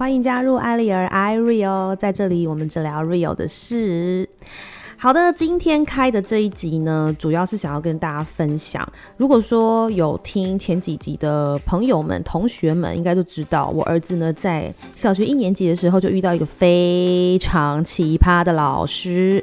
歡迎加入艾莉兒 I real，在這裡我們只聊 real 的事。好的，今天開的這一集呢，主要是想要跟大家分享，如果說有聽前幾集的朋友們、同學們，應該都知道，我兒子呢，在小學一年級的時候就遇到一個非常奇葩的老師。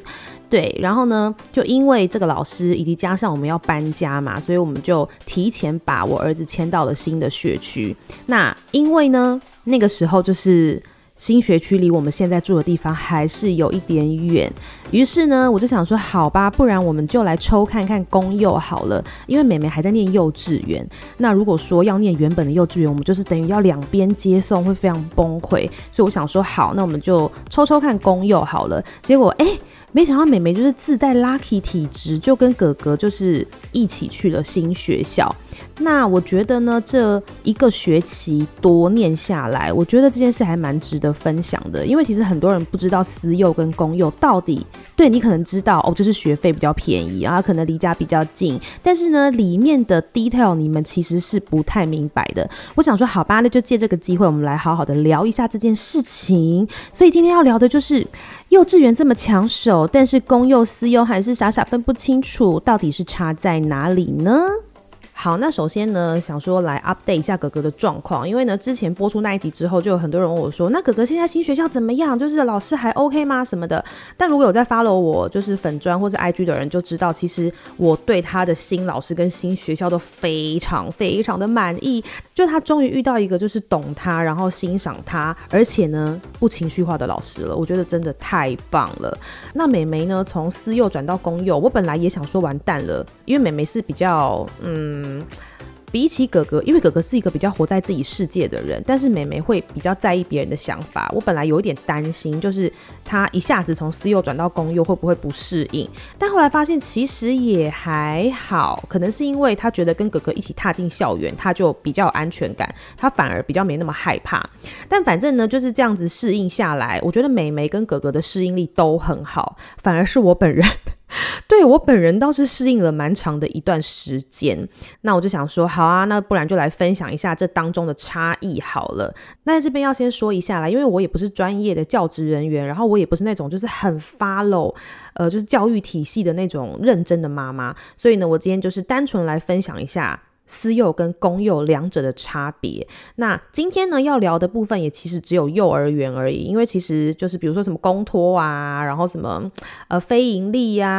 對，然後呢，就因為這個老師，以及加上我們要搬家嘛，所以我們就提前把我兒子遷到了新的學區。那因為呢，那個時候就是新學區離我們現在住的地方還是有一點遠，於是呢，我就想說，好吧，不然我們就來抽看看公幼好了。因為妹妹還在念幼稚園，那如果說要念原本的幼稚園，我們就是等於要兩邊接送，會非常崩潰。所以我想說，好，那我們就抽抽看公幼好了。結果，哎。沒想到妹妹就是自帶 lucky 體質，就跟哥哥就是一起去了新學校。那我覺得呢，這一個學期多念下來，我覺得這件事還蠻值得分享的。因為其實很多人不知道私幼跟公幼到底對你可能知道哦，就是學費比較便宜，然後可能離家比較近。但是呢，裡面的 detail 你們其實是不太明白的。我想說，好吧，那就借這個機會，我們來好好的聊一下這件事情。所以今天要聊的就是幼稚園這麼搶手，但是公幼私幼還是傻傻分不清楚，到底是差在哪裡呢？好，那首先呢，想說來 update 一下哥哥的狀況，因為呢，之前播出那一集之後，就有很多人問我說，那哥哥現在新學校怎麼樣？就是老師還 OK 嗎？什麼的。但如果有在 follow 我就是粉專或是 IG 的人，就知道其實我對他的新老師跟新學校都非常非常的滿意。就他終於遇到一個就是懂他，然後欣賞他，而且呢不情緒化的老師了，我覺得真的太棒了。那美眉呢，從私幼轉到公幼，我本來也想說完蛋了，因為美眉是比較嗯。嗯，比起哥哥，因為哥哥是一個比較活在自己世界的人，但是妹妹會比較在意別人的想法。我本來有一點擔心，就是他一下子從私幼轉到公幼會不會不適應，但後來發現其實也還好。可能是因為他覺得跟哥哥一起踏進校園，他就比較有安全感，他反而比較沒那麼害怕。但反正呢，就是這樣子適應下來。我覺得妹妹跟哥哥的適應力都很好，反而是我本人。對，我本人倒是適應了蠻長的一段時間，那我就想說好啊，那不然就來分享一下這當中的差異好了。那在這邊要先說一下啦，因為我也不是專業的教職人員，然後我也不是那種就是很 follow，呃，就是教育體系的那種認真的媽媽，所以呢，我今天就是單純來分享一下。私幼跟公幼兩者的差別，那今天呢，要聊的部分也其實只有幼兒園而已，因為其實就是比如說什麼公托啊，然後什麼呃非盈利呀、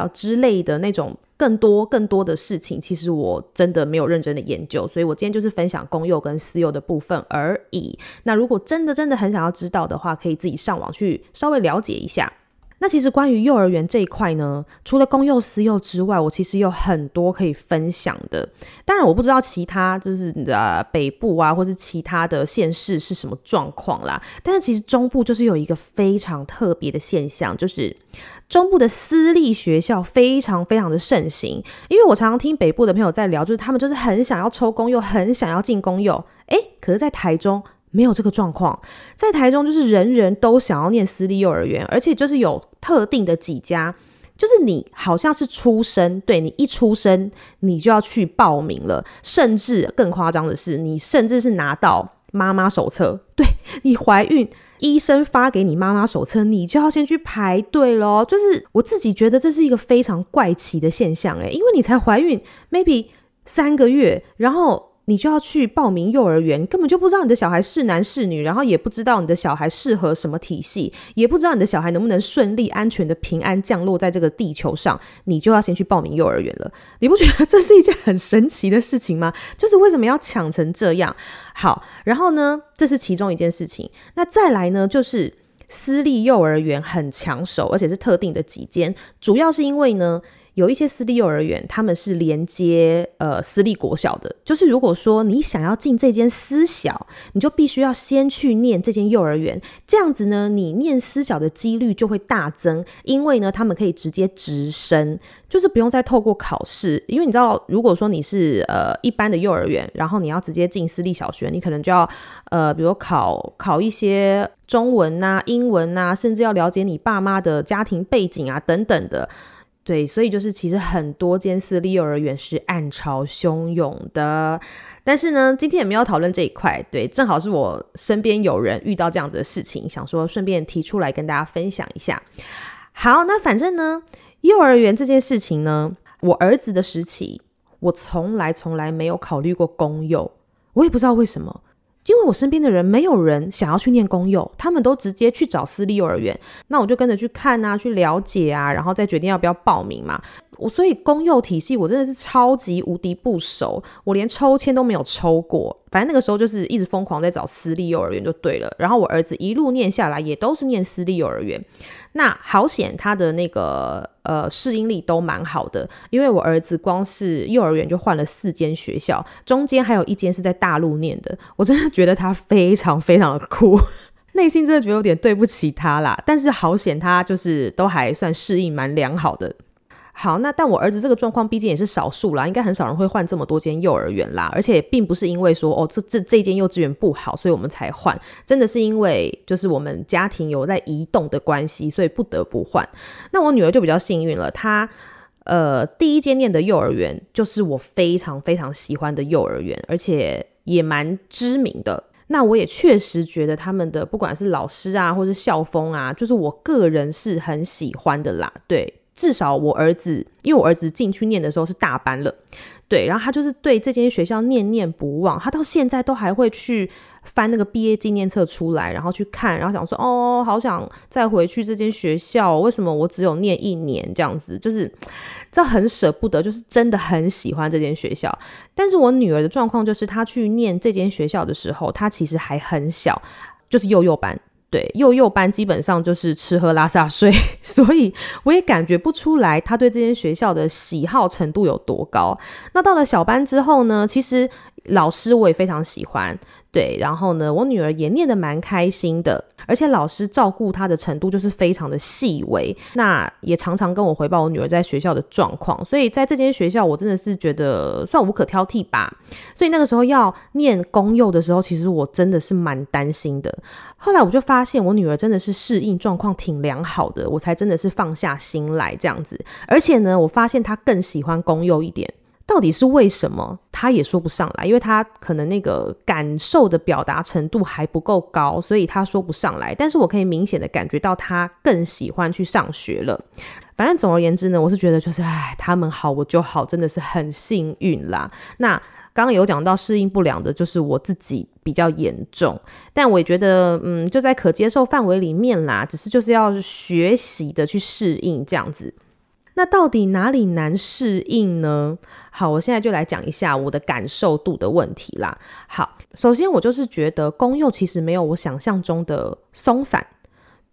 啊、之類的那種更多更多的事情，其實我真的沒有認真的研究，所以我今天就是分享公幼跟私幼的部分而已。那如果真的真的很想要知道的話，可以自己上網去稍微了解一下。那其實關於幼兒園這一塊呢，除了公幼私幼之外，我其實有很多可以分享的。當然，我不知道其他就是呃北部啊，或是其他的縣市是什麼狀況啦。但是其實中部就是有一個非常特別的現象，就是中部的私立學校非常非常的盛行。因為我常常聽北部的朋友在聊，就是他們就是很想要抽公幼，很想要進公幼，誒、欸、可是在台中，沒有這個狀況，在台中就是人人都想要念私立幼兒園，而且就是有特定的幾家，就是你好像是出生，對你一出生你就要去報名了，甚至更誇張的是，你甚至是拿到媽媽手冊，對你懷孕醫生發給你媽媽手冊，你就要先去排隊咯。就是我自己覺得這是一個非常怪奇的現象，誒，因為你才懷孕，maybe 三個月，然後。你就要去報名幼兒園，根本就不知道你的小孩是男是女，然後也不知道你的小孩適合什麼體系，也不知道你的小孩能不能順利、安全的、平安降落在這個地球上，你就要先去報名幼兒園了。你不覺得這是一件很神奇的事情嗎？就是為什麼要搶成這樣？好，然後呢，這是其中一件事情。那再來呢，就是私立幼兒園很搶手，而且是特定的幾間，主要是因為呢。有一些私立幼兒園，他們是連接呃私立國小的。就是如果說你想要進這間私小，你就必須要先去念這間幼兒園，這樣子呢，你念私小的幾率就會大增。因為呢，他們可以直接直升，就是不用再透過考試。因為你知道，如果說你是呃一般的幼兒園，然後你要直接進私立小學，你可能就要呃比如考考一些中文啊、英文啊，甚至要了解你爸媽的家庭背景啊等等的。對，所以就是其實很多間私立幼兒園是暗潮洶湧的，但是呢，今天也沒有討論這一塊。對，正好是我身邊有人遇到這樣子的事情，想說順便提出來跟大家分享一下。好，那反正呢，幼兒園這件事情呢，我兒子的時期，我從來從來沒有考慮過公幼，我也不知道為什麼。我身邊的人沒有人想要去念公幼，他們都直接去找私立幼兒園。那我就跟着去看啊，去了解啊，然後再決定要不要報名嘛。我所以公幼體系我真的是超級無敵不熟，我連抽籤都沒有抽過。反正那個時候就是一直瘋狂在找私立幼兒園就對了。然後我兒子一路念下來也都是念私立幼兒園，那好險他的那個。呃，適應力都蠻好的，因為我兒子光是幼兒園就換了四間學校，中間還有一間是在大陸念的，我真的覺得他非常非常的酷，內 心真的覺得有點對不起他啦，但是好險他就是都還算適應蠻良好的。好，那但我兒子這個狀況畢竟也是少數啦，應該很少人會換這麼多間幼兒園啦，而且並不是因為說哦這這這間幼稚園不好，所以我們才換，真的是因為就是我們家庭有在移動的關係，所以不得不換。那我女兒就比較幸運了，她呃第一間唸的幼兒園就是我非常非常喜歡的幼兒園，而且也蠻知名的。那我也確實覺得他們的不管是老師啊，或是校風啊，就是我個人是很喜歡的啦，對。至少我兒子，因為我兒子進去念的時候是大班了，對，然後他就是對這間學校念念不忘，他到現在都還會去翻那個畢業紀念冊出來，然後去看，然後想說，哦，好想再回去這間學校。為什麼我只有念一年？這樣子就是，這很捨不得，就是真的很喜歡這間學校。但是我女兒的狀況就是，她去念這間學校的時候，她其實還很小，就是幼幼班。對，幼幼班基本上就是吃喝拉撒睡，所以我也感覺不出來他對這間學校的喜好程度有多高。那到了小班之後呢，其實老師我也非常喜歡，對，然後呢，我女兒也念得蠻開心的，而且老師照顧她的程度就是非常的細微，那也常常跟我回報我女兒在學校的狀況，所以在這間學校我真的是覺得算無可挑剔吧。所以那個時候要念公幼的時候，其實我真的是蠻擔心的，後來我就發現我女兒真的是適應狀況挺良好的，我才真的是放下心來這樣子，而且呢，我發現她更喜歡公幼一點。到底是為什麼，他也說不上來，因為他可能那個感受的表達程度還不夠高，所以他說不上來。但是我可以明顯的感覺到他更喜歡去上學了。反正總而言之呢，我是覺得就是，哎，他們好我就好，真的是很幸運啦。那剛剛有講到適應不良的，就是我自己比較嚴重，但我也覺得，嗯，就在可接受範圍裡面啦，只是就是要學習的去適應這樣子。那到底哪裡難適應呢？好，我現在就來講一下我的感受度的問題啦。好，首先我就是覺得公幼其實沒有我想象中的鬆散，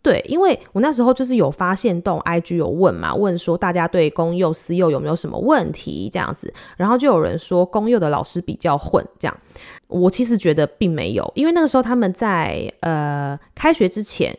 對，因為我那時候就是有發現動 IG 有問嘛，問說大家對公幼私幼有沒有什麼問題這樣子，然後就有人說公幼的老師比較混，這樣，我其實覺得並沒有，因為那個時候他們在呃開學之前。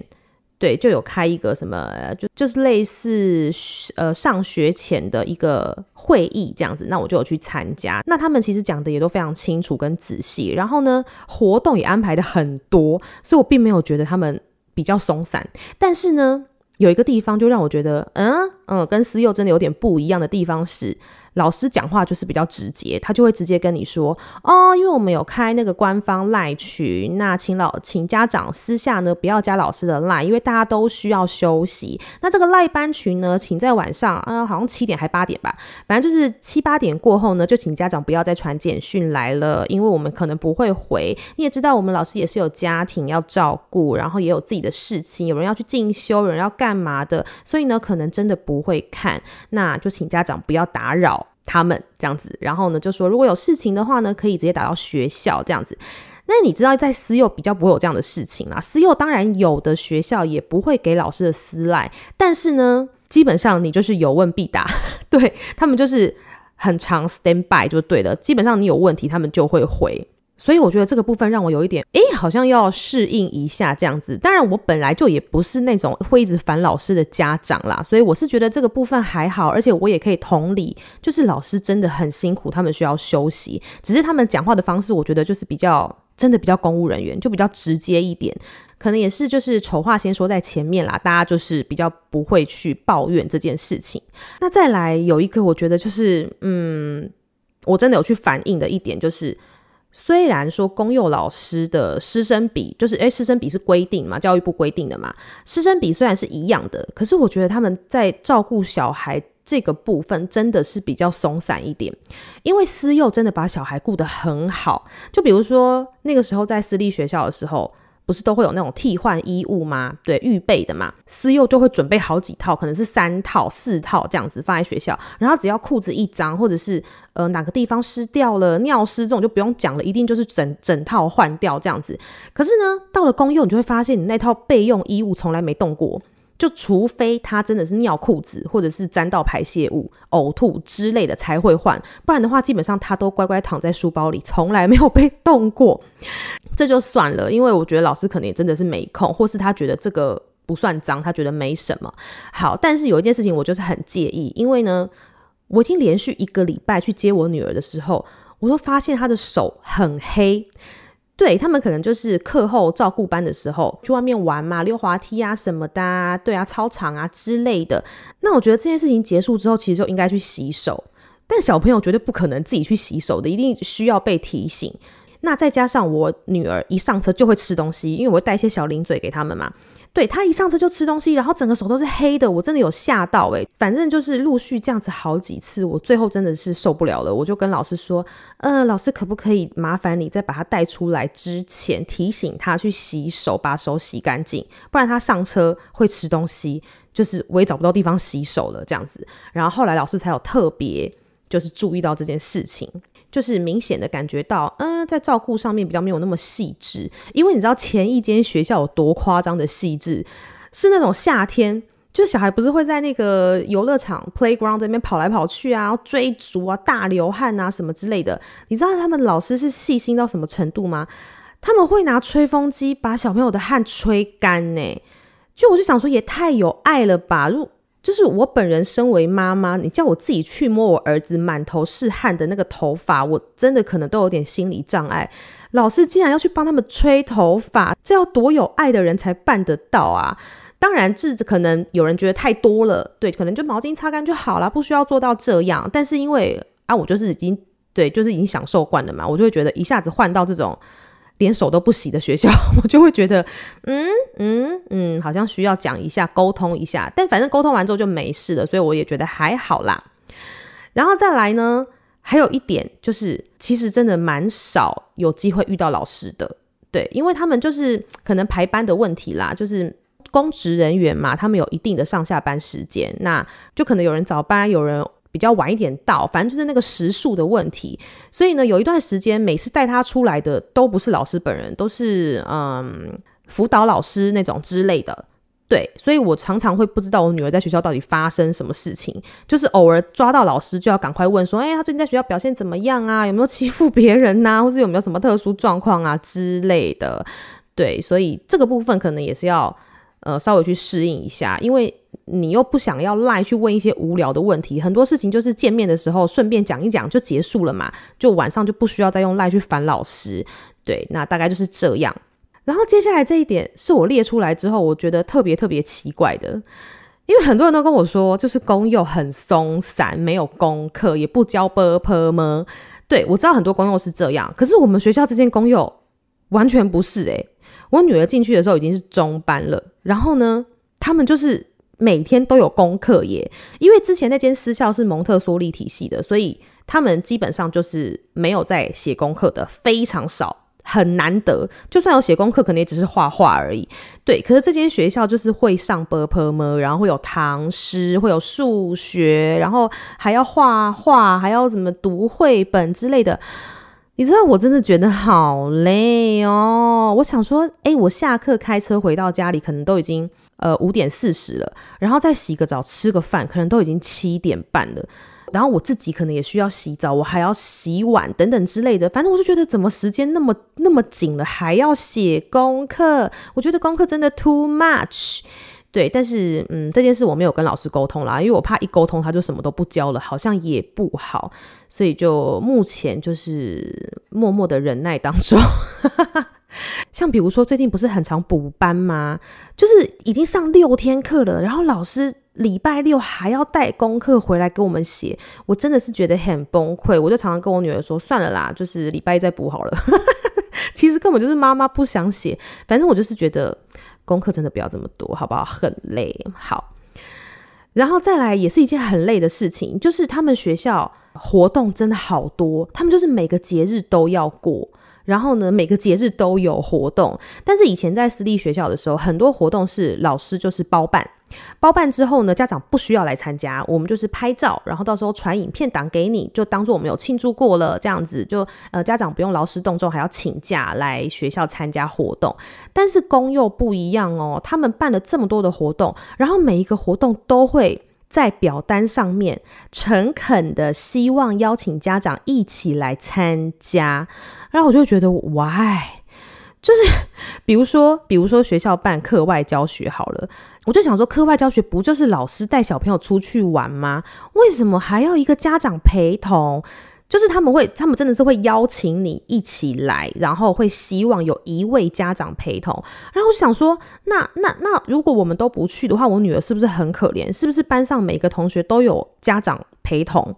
對，就有開一個什麼，就就是類似呃上學前的一個會議這樣子，那我就有去參加。那他們其實講的也都非常清楚跟仔細，然後呢，活動也安排的很多，所以我並沒有覺得他們比較鬆散。但是呢，有一個地方就讓我覺得，嗯嗯，跟私幼真的有點不一樣的地方是。老師講話就是比較直接，他就會直接跟你說哦，因為我們有開那個官方 LINE 群，那請老請家長私下呢不要加老師的 LINE，因為大家都需要休息。那這個 LINE 班群呢，請在晚上啊、呃，好像七點還八點吧，反正就是七八點過後呢，就請家長不要再傳簡訊來了，因為我們可能不會回。你也知道，我們老師也是有家庭要照顧，然後也有自己的事情，有人要去進修，有人要幹嘛的，所以呢，可能真的不會看，那就請家長不要打擾。他們這樣子，然後呢，就說如果有事情的話呢，可以直接打到學校這樣子。那你知道在私幼比較不會有這樣的事情啦。私幼當然有的學校也不會給老師的私賴，但是呢，基本上你就是有問必答，對，他們就是很常 stand by 就對了。基本上你有問題，他們就會回。所以我覺得這個部分讓我有一點，哎，好像要適應一下這樣子。當然，我本來就也不是那種會一直煩老師的家長啦，所以我是覺得這個部分還好，而且我也可以同理，就是老師真的很辛苦，他們需要休息。只是他們講話的方式，我覺得就是比較真的比較公務人員，就比較直接一點。可能也是就是醜話先說在前面啦，大家就是比較不會去抱怨這件事情。那再來有一個，我覺得就是，嗯，我真的有去反映的一點就是。雖然說公幼老師的師生比就是，哎，師生比是規定嘛，教育部規定的嘛。師生比雖然是一樣的，可是我覺得他們在照顧小孩這個部分真的是比較鬆散一點，因為私幼真的把小孩顧得很好。就比如說那個時候在私立學校的時候。不是都會有那種替換衣物嗎？對，預備的嘛，私幼就會準備好幾套，可能是三套、四套這樣子放在學校，然後只要褲子一髒，或者是呃哪個地方濕掉了、尿濕這種就不用講了，一定就是整整套換掉這樣子。可是呢，到了公幼，你就會發現你那套備用衣物從來沒動過。就除非他真的是尿褲子，或者是沾到排泄物、嘔吐之類的才會換，不然的話基本上他都乖乖躺在書包裡，從來沒有被動過。這就算了，因為我覺得老師可能也真的是沒空，或是他覺得這個不算髒，他覺得沒什麼好。但是有一件事情我就是很介意，因為呢，我已經連續一個禮拜去接我女兒的時候，我都發現她的手很黑。對，他們可能就是課後照顧班的時候去外面玩嘛、啊，溜滑梯啊什麼的、啊，對啊，操場啊之類的。那我覺得這件事情結束之後，其實就應該去洗手，但小朋友絕對不可能自己去洗手的，一定需要被提醒。那再加上我女兒一上車就會吃東西，因為我會帶一些小零嘴給他們嘛。對，他一上車就吃東西，然後整個手都是黑的，我真的有嚇到誒，反正就是陸續這樣子好幾次，我最後真的是受不了了，我就跟老師說，呃，老師可不可以麻煩你再把他帶出來之前提醒他去洗手，把手洗乾淨，不然他上車會吃東西，就是我也找不到地方洗手了這樣子。然後後來老師才有特別就是注意到這件事情。就是明顯的感覺到，嗯，在照顧上面比較沒有那麼細緻，因為你知道前一間學校有多誇張的細緻，是那種夏天，就小孩不是會在那個遊樂場 playground 這邊跑來跑去啊，追逐啊，大流汗啊什麼之類的，你知道他們老師是細心到什麼程度嗎？他們會拿吹風機把小朋友的汗吹乾呢，就我就想說也太有愛了吧！如就是我本人身為媽媽，你叫我自己去摸我兒子滿頭是汗的那個頭髮，我真的可能都有點心理障礙。老師竟然要去幫他們吹頭髮，這要多有愛的人才辦得到啊！當然，這可能有人覺得太多了，對，可能就毛巾擦乾就好啦，不需要做到這樣。但是因為啊，我就是已經對，就是已經享受慣了嘛，我就會覺得一下子換到這種。連手都不洗的學校，我就會覺得，嗯嗯嗯，好像需要講一下，溝通一下。但反正溝通完之後就沒事了，所以我也覺得還好啦。然後再來呢，還有一點就是，其實真的蠻少有機會遇到老師的，對，因為他們就是可能排班的問題啦，就是公職人員嘛，他們有一定的上下班時間，那就可能有人早班，有人，比較晚一點到，反正就是那個時數的問題。所以呢，有一段時間，每次帶他出來的都不是老師本人，都是嗯輔導老師那種之類的。對，所以我常常會不知道我女兒在學校到底發生什麼事情。就是偶爾抓到老師，就要趕快問說：“哎、欸，他最近在學校表現怎麼樣啊？有沒有欺負別人吶、啊？或是有沒有什麼特殊狀況啊之類的？”對，所以這個部分可能也是要。呃，稍微去適應一下，因為你又不想要賴去問一些無聊的問題，很多事情就是見面的時候順便講一講就結束了嘛，就晚上就不需要再用賴去煩老師。對，那大概就是這樣。然後接下來這一點是我列出來之後，我覺得特別特別奇怪的，因為很多人都跟我說，就是公幼很鬆散，沒有功課，也不教 ㄅㄆㄇ 嗎？對，我知道很多公幼是這樣，可是我們學校這間公幼完全不是誒、欸。我女兒進去的時候已經是中班了，然後呢，他們就是每天都有功課耶。因為之前那間私校是蒙特梭利體系的，所以他們基本上就是沒有在寫功課的，非常少，很難得。就算有寫功課，可能也只是畫畫而已。對，可是這間學校就是會上 paper 嘛，然後會有唐詩，會有數學，然後還要畫畫，還要怎麼讀繪本之類的。你知道我真的覺得好累哦！我想說，哎、欸，我下課開車回到家裡，可能都已經呃五點四十了，然後再洗個澡、吃個飯，可能都已經七點半了。然後我自己可能也需要洗澡，我還要洗碗等等之類的。反正我就覺得，怎麼時間那麼那麼緊了，還要寫功課？我覺得功課真的 too much。對，但是嗯，這件事我沒有跟老師溝通啦，因為我怕一溝通他就什麼都不教了，好像也不好，所以就目前就是默默的忍耐當中。 像比如說最近不是很常補班嗎？就是已經上六天課了，然後老師禮拜六還要帶功課回來給我們寫，我真的是覺得很崩潰。我就常常跟我女兒說，算了啦，就是禮拜一再補好了。 其實根本就是媽媽不想寫，反正我就是覺得。功課真的不要這麼多，好不好？很累。好，然後再來也是一件很累的事情，就是他們學校活動真的好多，他們就是每個節日都要過。然後呢，每個節日都有活動，但是以前在私立學校的時候，很多活動，是老師就是包辦，包辦之後呢，家長不需要來參加，我們就是拍照，然後到時候傳影片檔給你，就當做我們有慶祝過了這樣子就，就呃家長不用勞師動眾還要請假來學校參加活動，但是公幼不一樣哦，他們辦了這麼多的活動，然後每一個活動都會。在表單上面誠懇的希望邀請家長一起來參加，然後我就覺得，why？就是比如說，比如說學校辦課外教學好了，我就想說，課外教學不就是老師帶小朋友出去玩嗎？為什麼還要一個家長陪同？就是他們會，他們真的是會邀請你一起來，然後會希望有一位家長陪同。然後我想說，那那那，那如果我們都不去的話，我女兒是不是很可憐？是不是班上每個同學都有家長陪同？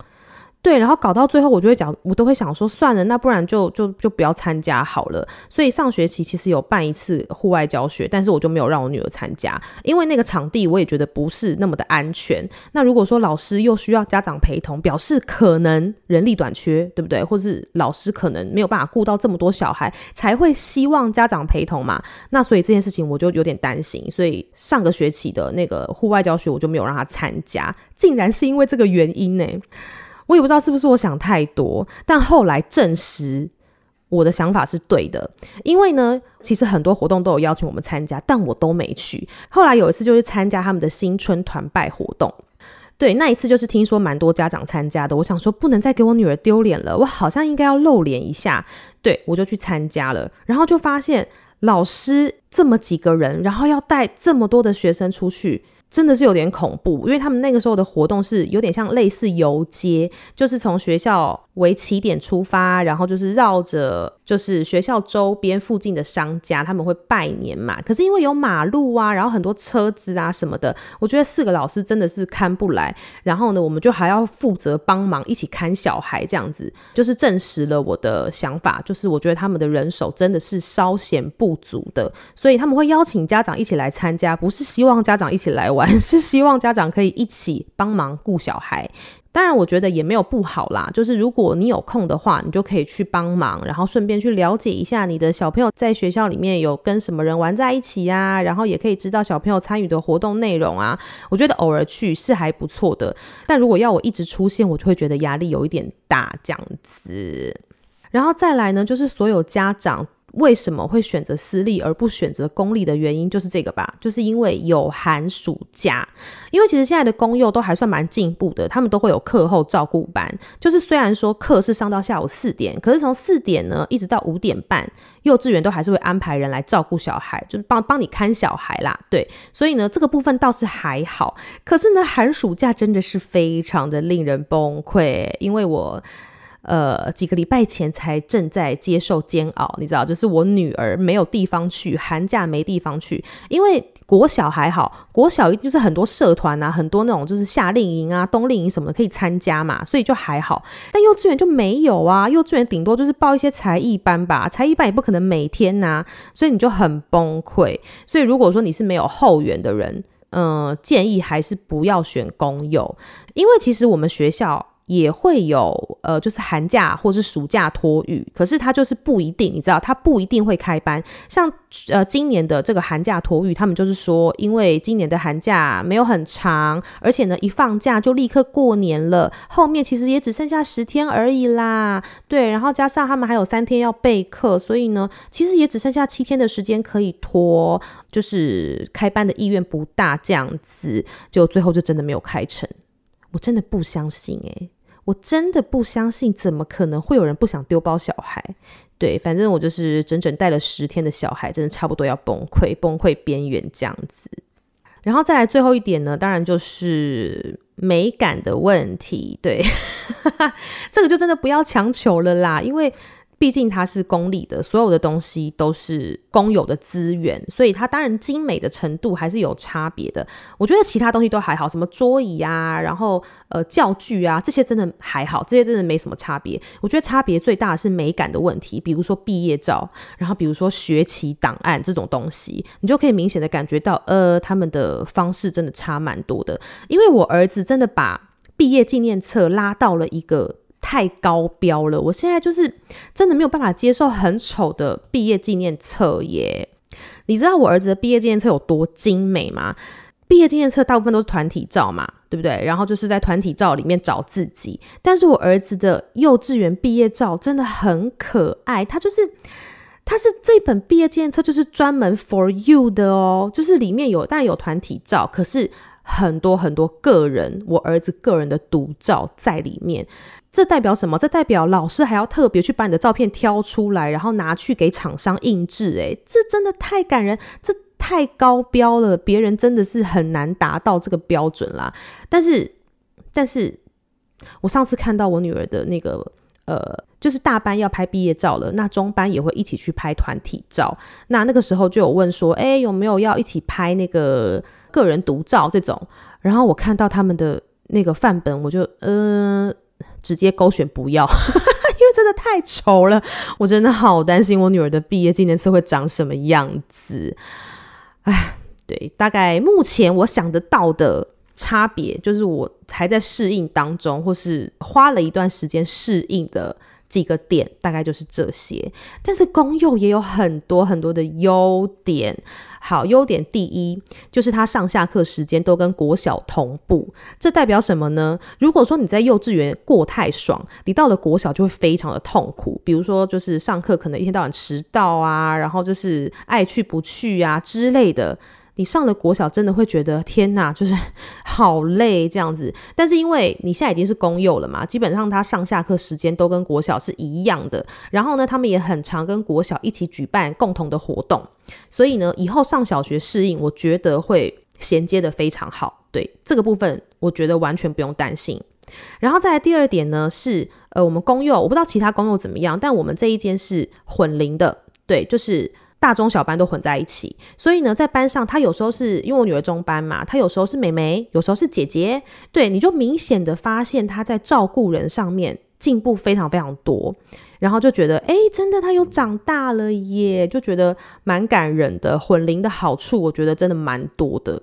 對，然後搞到最後，我就會講，我都會想說，算了，那不然就就就不要參加好了。所以上學期其實有辦一次戶外教學，但是我就沒有讓我女兒參加，因為那個場地我也覺得不是那麼的安全。那如果說老師又需要家長陪同，表示可能人力短缺，對不對？或是老師可能沒有辦法顧到這麼多小孩，才會希望家長陪同嘛？那所以這件事情我就有點擔心，所以上個學期的那個戶外教學我就沒有讓他參加，竟然是因為這個原因呢、欸。我也不知道是不是我想太多，但後來證實我的想法是對的。因為呢，其實很多活動都有邀請我們參加，但我都沒去。後來有一次就是參加他們的新春團拜活動，對，那一次就是聽說蠻多家長參加的。我想說不能再給我女兒丟臉了，我好像應該要露臉一下，對，我就去參加了。然後就發現老師這麼幾個人，然後要帶這麼多的學生出去。真的是有點恐怖，因為他們那個時候的活動是有點像類似遊街，就是從學校為起點出發，然後就是繞着就是學校週邊附近的商家，他們會拜年嘛，可是因為有馬路啊，然後很多車子啊什麼的，我覺得四個老師真的是看不來。然後呢，我們就還要負責幫忙一起看小孩，這樣子就是證實了我的想法，就是我覺得他們的人手真的是稍嫌不足的，所以他們會邀請家長一起來參加，不是希望家長一起來玩，是希望家長可以一起幫忙顧小孩。當然，我覺得也沒有不好啦。就是如果你有空的話，你就可以去幫忙，然後順便去了解一下你的小朋友在學校裡面有跟什麼人玩在一起呀、啊，然後也可以知道小朋友參與的活動內容啊。我覺得偶爾去是還不錯的，但如果要我一直出現，我就會覺得壓力有一點大，這樣子。然後再來呢，就是所有家長。為什麼會選擇私立而不選擇公立的原因就是這個吧，就是因為有寒暑假。因為其實現在的公幼都還算蠻進步的，他們都會有課後照顧班。就是雖然說課是上到下午四點，可是從四點呢一直到五點半，幼稚園都還是會安排人來照顧小孩，就是幫幫你看小孩啦，對。所以呢，這個部分倒是還好。可是呢，寒暑假真的是非常的令人崩潰，因為我。呃，幾個禮拜前才正在接受煎熬，你知道，就是我女兒沒有地方去，寒假沒地方去，因為國小還好，國小就是很多社團啊，很多那種就是夏令營啊、冬令營什麼的可以參加嘛，所以就還好。但幼稚園就沒有啊，幼稚園頂多就是報一些才藝班吧，才藝班也不可能每天吶、啊，所以你就很崩潰。所以如果說你是沒有後援的人，嗯、呃，建議還是不要選公幼，因為其實我們學校。也會有呃，就是寒假或是暑假托育，可是它就是不一定，你知道，它不一定會開班。像呃今年的這個寒假托育，他們就是說，因為今年的寒假沒有很長，而且呢一放假就立刻過年了，後面其實也只剩下十天而已啦。對，然後加上他們還有三天要備課，所以呢其實也只剩下七天的時間可以托，就是開班的意願不大，這樣子，就最後就真的沒有開成。我真的不相信欸。我真的不相信，怎麼可能會有人不想丟包小孩？對，反正我就是整整帶了十天的小孩，真的差不多要崩潰，崩潰邊緣這樣子。然後再來最後一點呢，當然就是美感的問題，對， 這個就真的不要強求了啦，因為。畢竟它是公立的，所有的東西都是公有的資源，所以它當然精美的程度還是有差別的。我覺得其他東西都還好，什麼桌椅啊，然後呃教具啊，這些真的還好，這些真的沒什麼差別。我覺得差別最大的是美感的問題，比如說畢業照，然後比如說學習檔案這種東西，你就可以明顯的感覺到，呃，他們的方式真的差蠻多的。因為我兒子真的把畢業紀念冊拉到了一個。太高標了，我現在就是真的沒有辦法接受很醜的畢業紀念冊耶。你知道我兒子的畢業紀念冊有多精美嗎？畢業紀念冊大部分都是團體照嘛，對不對？然後就是在團體照裡面找自己。但是我兒子的幼稚園畢業照真的很可愛，他就是他是這本畢業紀念冊就是專門 for you 的哦，就是裡面有當然有團體照，可是。很多很多個人，我兒子個人的獨照在裡面，這代表什麼？這代表老師還要特別去把你的照片挑出來，然後拿去給廠商印制。誒，這真的太感人，這太高標了，別人真的是很難達到這個標準啦。但是，但是，我上次看到我女兒的那個，呃，就是大班要拍畢業照了，那中班也會一起去拍團體照。那那個時候就有問說，哎，有沒有要一起拍那個？個人獨照這種，然後我看到他們的那個範本，我就嗯、呃、直接勾選不要， 因為真的太醜了，我真的好擔心我女兒的畢業紀念冊會長什麼樣子。哎，對，大概目前我想得到的差別，就是我還在適應當中，或是花了一段時間適應的。幾個點大概就是這些，但是公幼也有很多很多的優點。好，優點第一就是它上下課時間都跟國小同步，這代表什麼呢？如果說你在幼稚園過太爽，你到了國小就會非常的痛苦。比如說，就是上課可能一天到晚遲到啊，然後就是愛去不去啊之類的。你上了國小真的會覺得天吶，就是好累這樣子。但是因為你現在已經是公幼了嘛，基本上他上下課時間都跟國小是一樣的。然後呢，他們也很常跟國小一起舉辦共同的活動，所以呢，以後上小學適應，我覺得會銜接得非常好。對這個部分，我覺得完全不用擔心。然後再來第二點呢，是呃我們公幼，我不知道其他公幼怎麼樣，但我們這一間是混齡的，對，就是。大中小班都混在一起，所以呢，在班上，她有時候是因為我女兒中班嘛，她有時候是妹妹，有時候是姐姐，對，你就明顯的發現她在照顧人上面進步非常非常多，然後就覺得，誒、欸，真的她有長大了耶，就覺得蠻感人的。混齡的好處，我覺得真的蠻多的。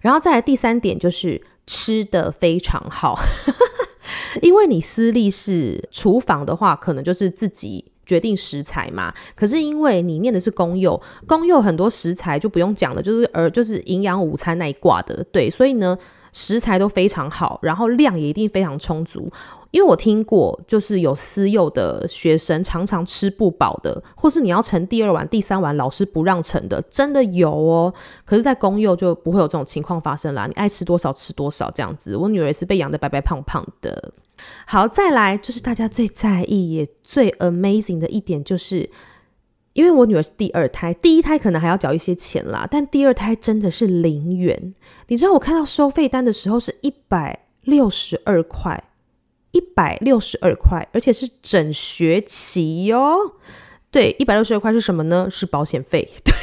然後再來第三點就是吃的非常好， 因為你私立是廚房的話，可能就是自己。決定食材嘛，可是因為你念的是公幼，公幼很多食材就不用講了，就是而就是營養午餐那一掛的，對，所以呢，食材都非常好，然後量也一定非常充足。因為我聽過，就是有私幼的學生常常吃不飽的，或是你要盛第二碗、第三碗，老師不讓盛的，真的有哦。可是，在公幼就不會有這種情況發生啦，你愛吃多少吃多少這樣子。我女兒是被養得白白胖胖的。好，再來就是大家最在意也最 amazing 的一點就是，因為我女兒是第二胎，第一胎可能還要繳一些錢啦，但第二胎真的是零元。你知道我看到收費單的時候是一百六十二塊，一百六十二塊，而且是整學期哦。對，一百六十二塊是什麼呢？是保險費。對，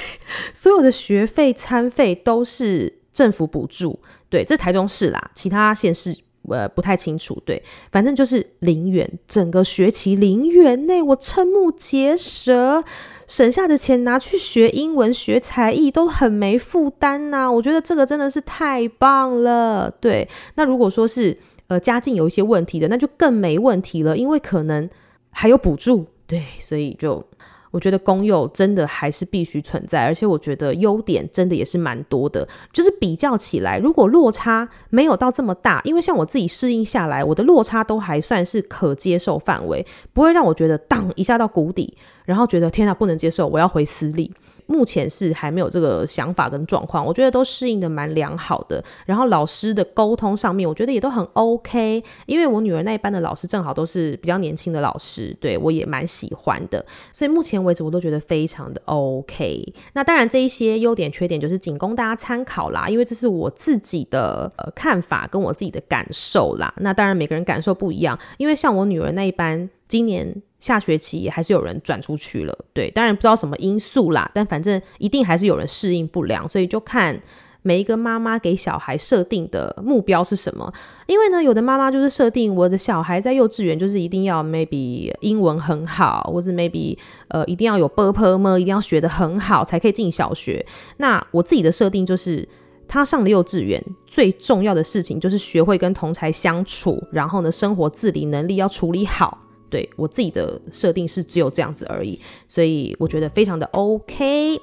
所有的學費、餐費都是政府補助。對，這台中市啦，其他縣市。呃，不太清楚，對，反正就是零元，整個學期零元內，我瞠目結舌，省下的錢拿去學英文學才藝都很沒負擔吶，我覺得這個真的是太棒了，對。那如果說是呃家境有一些問題的，那就更沒問題了，因為可能還有補助，對，所以就。我覺得公幼真的還是必須存在，而且我覺得優點真的也是蠻多的。就是比較起來，如果落差沒有到這麼大，因為像我自己適應下來，我的落差都還算是可接受範圍，不會讓我覺得盪一下到谷底，然後覺得天哪，不能接受，我要回私立。目前是還沒有這個想法跟狀況，我覺得都適應的蠻良好的。然後老師的溝通上面，我覺得也都很 OK。因為我女兒那一班的老師正好都是比較年輕的老師，對，我也蠻喜歡的。所以目前為止，我都覺得非常的 OK。那當然，這一些優點缺點就是僅供大家參考啦，因為這是我自己的呃看法跟我自己的感受啦。那當然每個人感受不一樣，因為像我女兒那一班今年，下學期也還是有人轉出去了，對，當然不知道什麼因素啦，但反正一定還是有人適應不良，所以就看每一個媽媽給小孩設定的目標是什麼。因為呢，有的媽媽就是設定我的小孩在幼稚園就是一定要 maybe 英文很好，或者 maybe 呃一定要有 ㄅㄆㄇ 一定要學得很好才可以進小學。那我自己的設定就是，他上的幼稚園最重要的事情就是學會跟同儕相處，然後呢，生活自理能力要處理好。對，我自己的設定是只有這樣子而已，所以我覺得非常的 OK。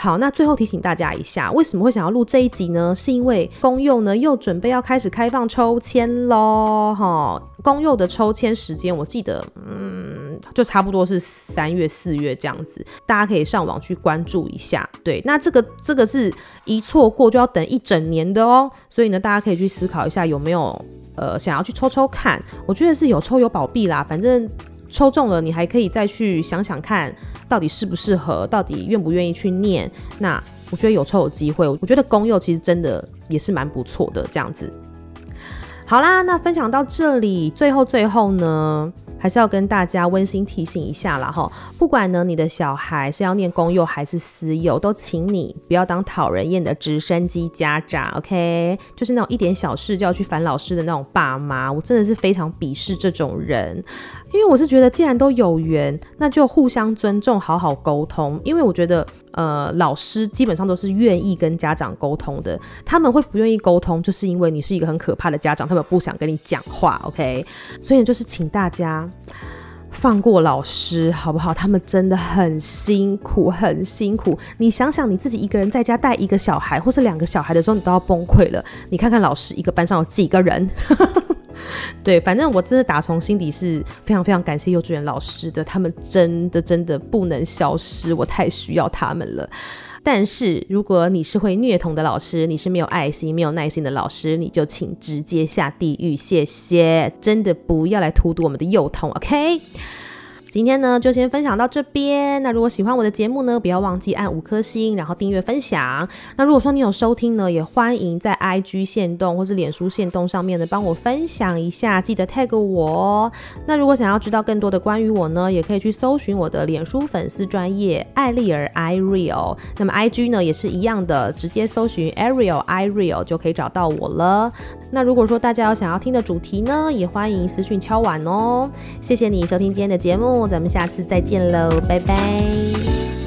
好，那最後提醒大家一下，為什麼會想要錄這一集呢？是因為公幼呢又準備要開始開放抽籤嘍，哈！公幼的抽籤時間，我記得，嗯，就差不多是三月、四月這樣子，大家可以上網去關注一下。對，那這個這個是一錯過就要等一整年的哦、喔，所以呢，大家可以去思考一下有沒有，呃，想要去抽抽看。我覺得是有抽有保庇啦，反正抽中了你還可以再去想想看。到底適不適合？到底願不願意去唸？那我覺得有抽有機會，我覺得公幼其實真的也是蠻不錯的。這樣子，好啦，那分享到這裡，最後最後呢，還是要跟大家溫馨提醒一下啦。哈，不管呢你的小孩是要念公幼還是私幼，都請你不要當討人厭的直升機家長，OK？就是那種一點小事就要去煩老師的那種爸媽，我真的是非常鄙視這種人，因為我是覺得既然都有緣，那就互相尊重，好好溝通，因為我覺得。呃，老師基本上都是願意跟家長溝通的，他們會不願意溝通，就是因為你是一個很可怕的家長，他們不想跟你講話。OK，所以就是請大家放過老師，好不好？他們真的很辛苦，很辛苦。你想想你自己一個人在家帶一個小孩，或是兩個小孩的時候，你都要崩潰了。你看看老師，一個班上有幾個人？ 對，反正我真的打從心底是非常非常感謝幼稚園老師的，他們真的真的不能消失，我太需要他們了。但是如果你是會虐童的老師，你是沒有愛心、沒有耐心的老師，你就請直接下地獄，謝謝，真的不要來荼毒我們的幼童，OK。今天呢，就先分享到這邊。那如果喜歡我的節目呢，不要忘記按五顆星，然後訂閱分享。那如果說你有收聽呢，也歡迎在 IG 限動或是臉書限動上面呢幫我分享一下，記得 tag 我哦。那如果想要知道更多的關於我呢，也可以去搜尋我的臉書粉絲專頁艾莉兒 I real。那麼 IG 呢也是一樣的，直接搜尋 Ariel Ireal 就可以找到我了。那如果說大家有想要聽的主題呢，也歡迎私訊敲碗哦。謝謝你收聽今天的節目，咱們下次再見嘍，拜拜。